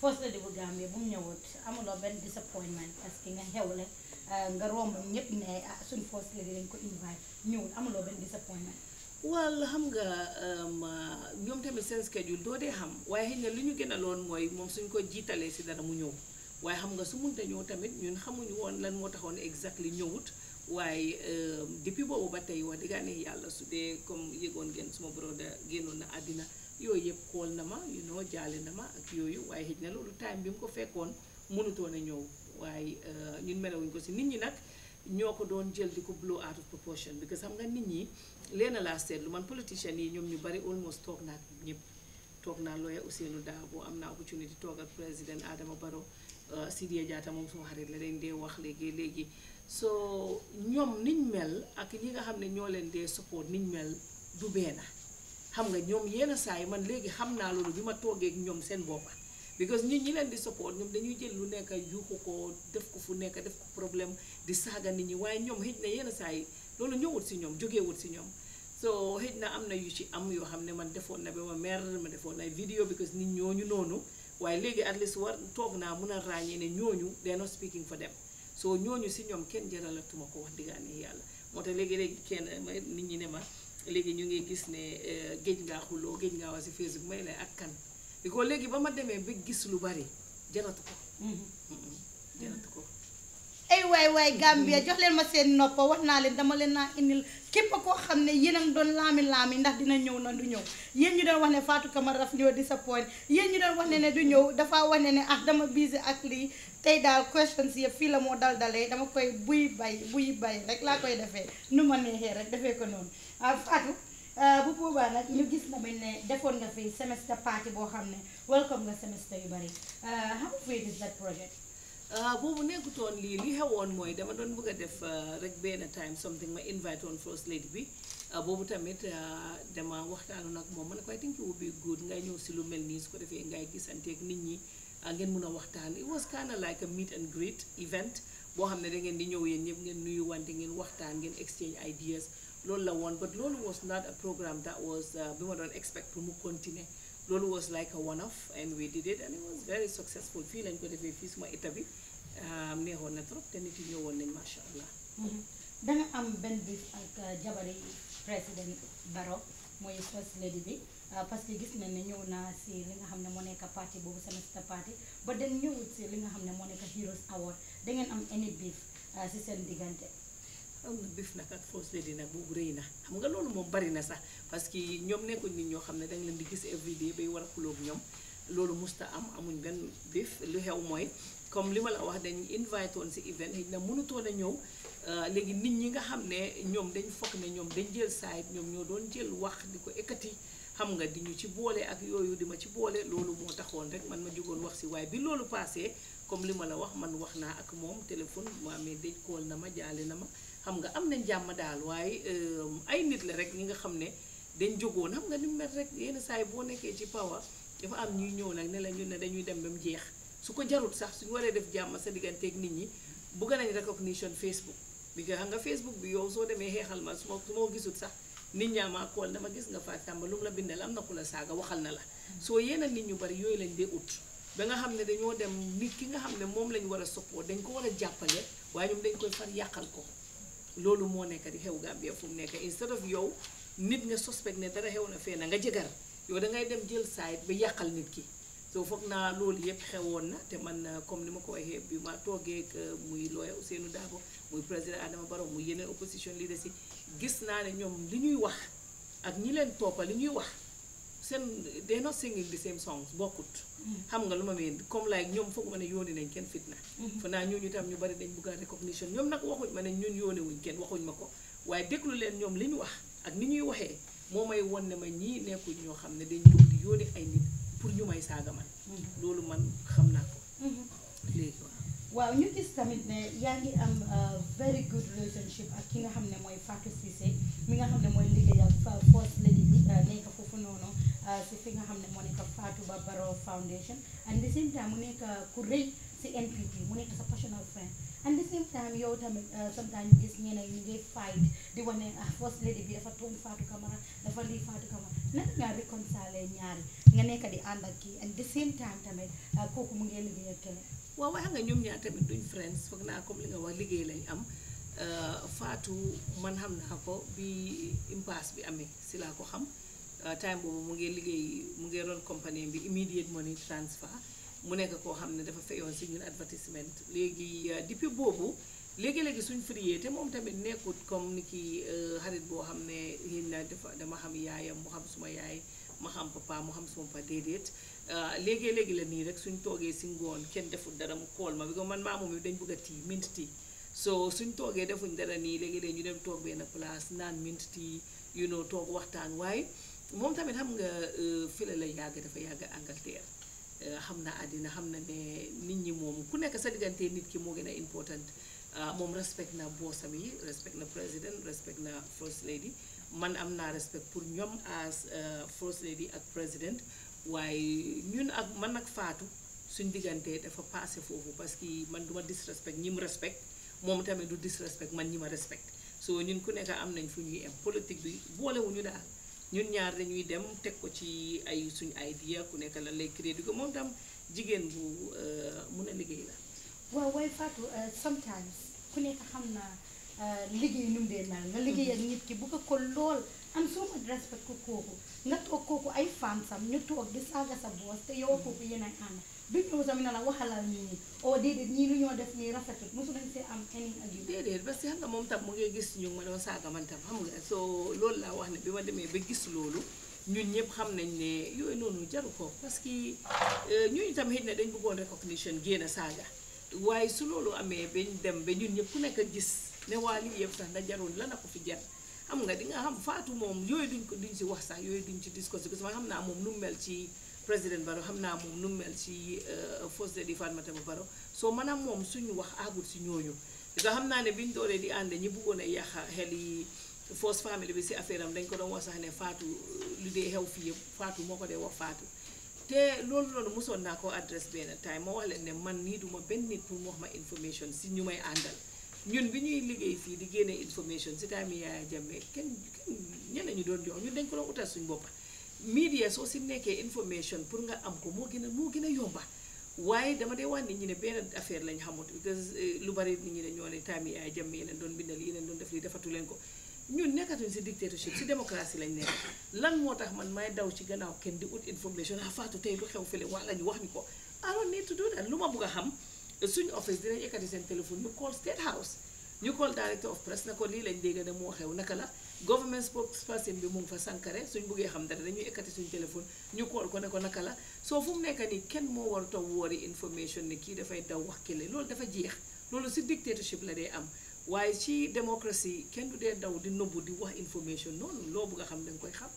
first lady bu Gambia bu mu ñëwut amuloo benn disappointment parce que nga xew xewle euh, nga romb ñëpp ne ah suñ first lady dañ ko invite ñëwul amuloo benn disappointment. wal xam nga um, uh, ñoom tamit seen yu doo dee xam waaye xëy na ñu gën mooy moom suñ ko jiitalee si dara mu ñëw waaye xam nga su mënta ñëw tamit ñun xamuñu woon lan moo taxoon exactly ñëwut. waaye um, depuis boobu ba tey wax dëgg yàlla su dee comme yëgoon ngeen suma broda génnoon na àddina yooyu yëpp xool na ma you know jaale na ma ak yooyu waaye xëj na loolu time bi mu ko fekkoon mënutoon a ñëw waaye euh, ñun melewuñ ko si nit ñi nag ñoo ko doon jël di ko blow out of proportion because xam nga nit ñi leen laa seetlu man politician yi ñoom ñu bari almost toog naa ak ñëpp toog naa lawyer daa boo am naa opportunity toog ak président Adama Barrow euh, Sidia Jatta moom suma xarit la dee wax léegi léegi soo ñoom niñ mel ak ñi nga xam ne ñoo leen dee support niñ mel du beena xam nga ñoom yenn saa yi man léegi xam naa loolu bi ma toogee ñoom seen boppa because ñun ñi leen di support ñoom dañuy jël lu nekk yuuxu ko def ko fu nekk def ko problème di saaga nit ñi waaye ñoom xëj na yenn saa yi loolu ñëwut si ñoom jógeewut si ñoom so xëj na am na yu ci am yoo xam ne man defoon na ba ma mer ma defoon na vidéo because nit ñooñu noonu waaye léegi at least war toog naa mun a ràññee ne ñooñu they not speaking for them so ñooñu si ñoom kenn jëralatuma ko wax diggaane yàlla moo tax léegi-léegi kenn nit ñi ne léegi ñu ngi gis ne euh, géej ngaa xuloo géej ngaa wax si Facebook may lay ak kan di ko léegi ba ma demee ba gis lu bari jaratu ko mm-hmm. jaratu ko ay waay waay Gambia jox leen ma seen noppa wax naa leen dama leen naa indil képp koo xam ne yéen a ngi doon laami laami ndax dina ñëw na du ñëw yéen ñu doon wax ne Fatou Camara daf ñoo disappoint yéen ñu doon wax ne ne du ñëw dafa wax ne ne ah dama busy ak lii tey daal questions yëpp fii la moo dal dama koy buy bay buy bay rek laa koy defee nu ma neexee rek defee ko noonu ah Fatou ah, bu boobaa nag ñu gis tamit ne defoon nga fi semester party boo xam ne welcome nga semester yu bari ah, how great is that project Uh, boobu nekkutoon lii li xewoon mooy dama doon bëgg a def uh, rek benn time something ma invite woon first lady We uh, boobu tamit dama waxtaanoon ak moom ma ne ko I think it would be good ngay ñëw si mel nii su ko defee ngay gisanteeg nit ñi ngeen mun a it was kind of like a meet and greet event boo xam ne da ngeen di ñëw yéen ñëpp ngeen nuyu wante ngeen exchange ideas loolu la but loolu was not a programme that was bi ma doon expect pour mu loolu was like a one off and we did it and it was very successful fii lañ ko defee fii itabi état bi neexoon na trop te nit yi ñëwoon nañ am Ben bif ak uh, jabari président Barrow mooy first lady bi uh, parce que gis nañ ne ñëw naa si li nga xam ne moo nekk parti boobu semester party ba den ñëwut si li nga xam ne moo Heroes Award da ngeen am any beef uh, si seen diggante. am na bif nag ak fausse lady nag boobu rëy na xam nga loolu moom bari na sax parce que ñoom nekkuñ nit ñoo xam ne danga leen di gis everyday bay war a ñoom loolu musta am amuñ benn bif lu xew mooy comme li ma la wax dañ invite si event xëy na mënutoon a ñëw euh, léegi nit ñi nga xam ne ñoom dañ fokk ne ñoom dañ jël saayit ñoom ñoo doon jël wax di ko ekkati xam nga di ñu ci boole ak yooyu di ma ci boole loolu moo taxoon rek man ma jugoon wax si waaye bi loolu passé comme li ma la wax man wax naa ak moom téléphone mu amee dëj kool na ma jaale na ma xam nga am nañ jàmm daal waaye euh, ay nit la rek ñi nga xam ne dañ jógoon xam nga ni mu mel rek yenn saa boo nekkee ci pawa dafa am ñuy ñëw nag ne la ñu ne dañuy dem ba mu jeex su ko jarut sax suñu waree def jàmm sa digganteeg nit ñi bëgg nañ recognition Facebook bi nga xam nga Facebook bi yow soo demee xeexal ma su ma su gisul sax nit ñaa maa kool dama gis nga Fatou Tamba la bindal am na ku la saaga waxal na la soo yéen nit ñu bari yooyu lañ dee ba nga xam ne dañoo dem nit ki nga xam ne moom lañ war a soppoo dañ ko war a jàppale waaye ñoom dañ koy far yàqal ko loolu moo nekk di xew Gambia fu mu nekk instead of yow nit nga suspect ne dara xew na fee na nga jëgar yow da ngay dem jël side ba yàqal nit ki so foog naa loolu yëpp xewoon na te man uh, comme ni ma ko waxee bi ma toogee uh, muy looya Ousseynou Dabo muy président Adama Barrow muy yeneen opposition leaders yi gis naa ne ñoom li ñuy wax ak ñi leen toppa li ñuy wax seen they're not singing the same songs Bokut. Mm. xam nga lu ma comme like ñoom foog ma ne yooni nañ kenn fitna mm-hmm. fa naa ñooñu tam ñu bari dañ bugg recognition ñoom nag waxuñ ma ne ñun yoone wuñ kenn waxuñ mako. ko waaye déglu leen ñoom li ñu wax ak ni ñuy waxee moo may ne ma ni nekkuñ ñoo xam ne dañ jóg di yooni ay nit pour ñu may saaga man mm-hmm. loolu man xam naa ko mm-hmm. léegi waaw ñu gis tamit ne yaa ngi am uh, very good relationship ak ki nga xam ne mooy Fatou Ceesay mi nga xam ne mooy liggéey ak First Lady uh, si fi nga xam ne moo nekk Fatou Ba Barrow Foundation and the same time mu nekk uh, ku rëy si NPP mu nekk sa personal friend and the same time yow tamit uh, sometimes gis ñeneen ñu ngi fight di wane ah, first lady bi dafa tooñ Fatou Camara dafa lii Fatou Camara naka nga réconcilier ñaari nga nekk di ànd ak kii and the same time tamit kooku mu ngi liggéey ak keneen waaw wax nga ñoom ñaar tamit duñ friends foog naa comme li nga wax liggéey lañ am Fatou man xam naa ko bi impasse bi amee si laa ko xam Euh, time boobu mu ngi liggéey mu ngi doon compagnie bi immediate money transfer mu nekk koo xam ne dafa feyoon si ñun advertisement léegi euh, depuis boobu léegi-léegi suñ friyee te moom tamit nekkut comme ni ki euh, xarit boo xam ne yéen na dafa dama xam yaayam mu xam suma yaay ma xam papa mu xam suma papa déedéet léegi-léegi la nii rek suñ toogee si ngoon kenn deful dara mu kool ma bi ko man maamu mi dañ bëgg a tii mint tii so suñ toogee defuñ dara nii léegi-léegi ñu dem toog benn place naan mint tii you know waxtaan waaye moom tamit xam nga euh, fële la yàgg dafa yàgg Angleterre euh, xam na àddina xam na ne nit ñi moom ku nekk sa diggante nit ki moo gën a important euh, moom respect na boo boosam yi respect na président respect na first lady man am naa respect pour ñoom as first lady ak président waaye ñun ak man ak faatu suñ diggante dafa passé foofu parce que man duma disrespect ñi mu respect moom tamit du disrespect man ñi ma respect soo ñun ku nekk am nañ fu ñuy am politique bi boolewuñu daal ñun ñaar dañuy dem teg ko ci ay suñu idea ku nekk lan lay crédit ko moom tam jigéen bu euh, mun a liggéey la. waaw waaye Fatou euh, sometimes ku nekk xam naa. liggéey nu dee mel nga liggéey ak mhm. nit ki ko lool am soo ma respect ko kooku nga toog kooku ay fan sam ñu toog di saaga sa boos te yow kooku yéen ay ànd duñ ñëw tamit na la waxalal ñii nii oo oh, déedéet ñii lu ñoo def nii rafetut mosu am eni ak moom tam mu ngi gis ñu ma doon saaga man tam xam nga soo loolu laa wax ne bi ma demee ba gis loolu ñun ñëpp xam nañ ne yooyu noonu jaru ko parce que euh, ñooñu tam xëy na dañ bëggoon recognition génn saaga waaye su loolu amee bañ dem ba ñun ñëpp ku nekk gis ne waa lii yëpp sax nda jaroon lan na ko fi jar xam nga di nga xam faatu moom yooyu duñ ko duñ si wax sax yooyu duñ ci discuter parce que xam naa moom nu mel ci président Barrow xam naa moom nu mu mel ci First Lady Fatoumata Barrow soo maanaam moom suñu wax àggul si ñooñu parce que naa ne biñ doolee di ànd ñi bëggoon a yàq xel yi First Family bi affaire am dañ ko doon wax sax ne faatu lu dee xew fii yëpp faatu moo ko dee wax faatu te loolu loolu mosoon naa ko adresse benn time ma wax leen man nii duma benn nit pour mu wax ma information si ñu may àndal ñun bi ñuy liggéey fii di génne information si taami Yaaya Jammeh kenn kenn ñeneen ñu doon jox ñun dañ ko doon utal suñu bopp media soo si nekkee information pour nga am ko moo gën a moo gën a yomba waaye dama dee wax nit ñi ne benn affaire lañ xamut because eh, lu bari nit ñi ne ñoo ne taami Yaaya Jammeh yeneen doon bindal yeneen doon def lii defatu leen ko ñun nekkatuñ si dictatorship si démocratie lañ nekk lan moo tax man maay daw ci gannaaw kenn di ut information a ah, faatu xew fële wax la ñu ko I don't need lu ma bugg xam suñu office dinañ ekkati seen téléphone ñu call state house ñu call director of press na ko lii lañ dégg ne moo xew naka la government spokesperson bi mu ngi fa Sankare suñ buggee xam dara dañuy ekkati suñu téléphone ñu call ko ne ko naka la soo fu mu nekk nii kenn moo war a woori information ne kii dafay daw wax kële loolu dafa jeex loolu si dictatorship la dee am waaye ci démocratie kenn du dee daw di nëbbu di wax information noonu loo bëgg a xam da koy xam.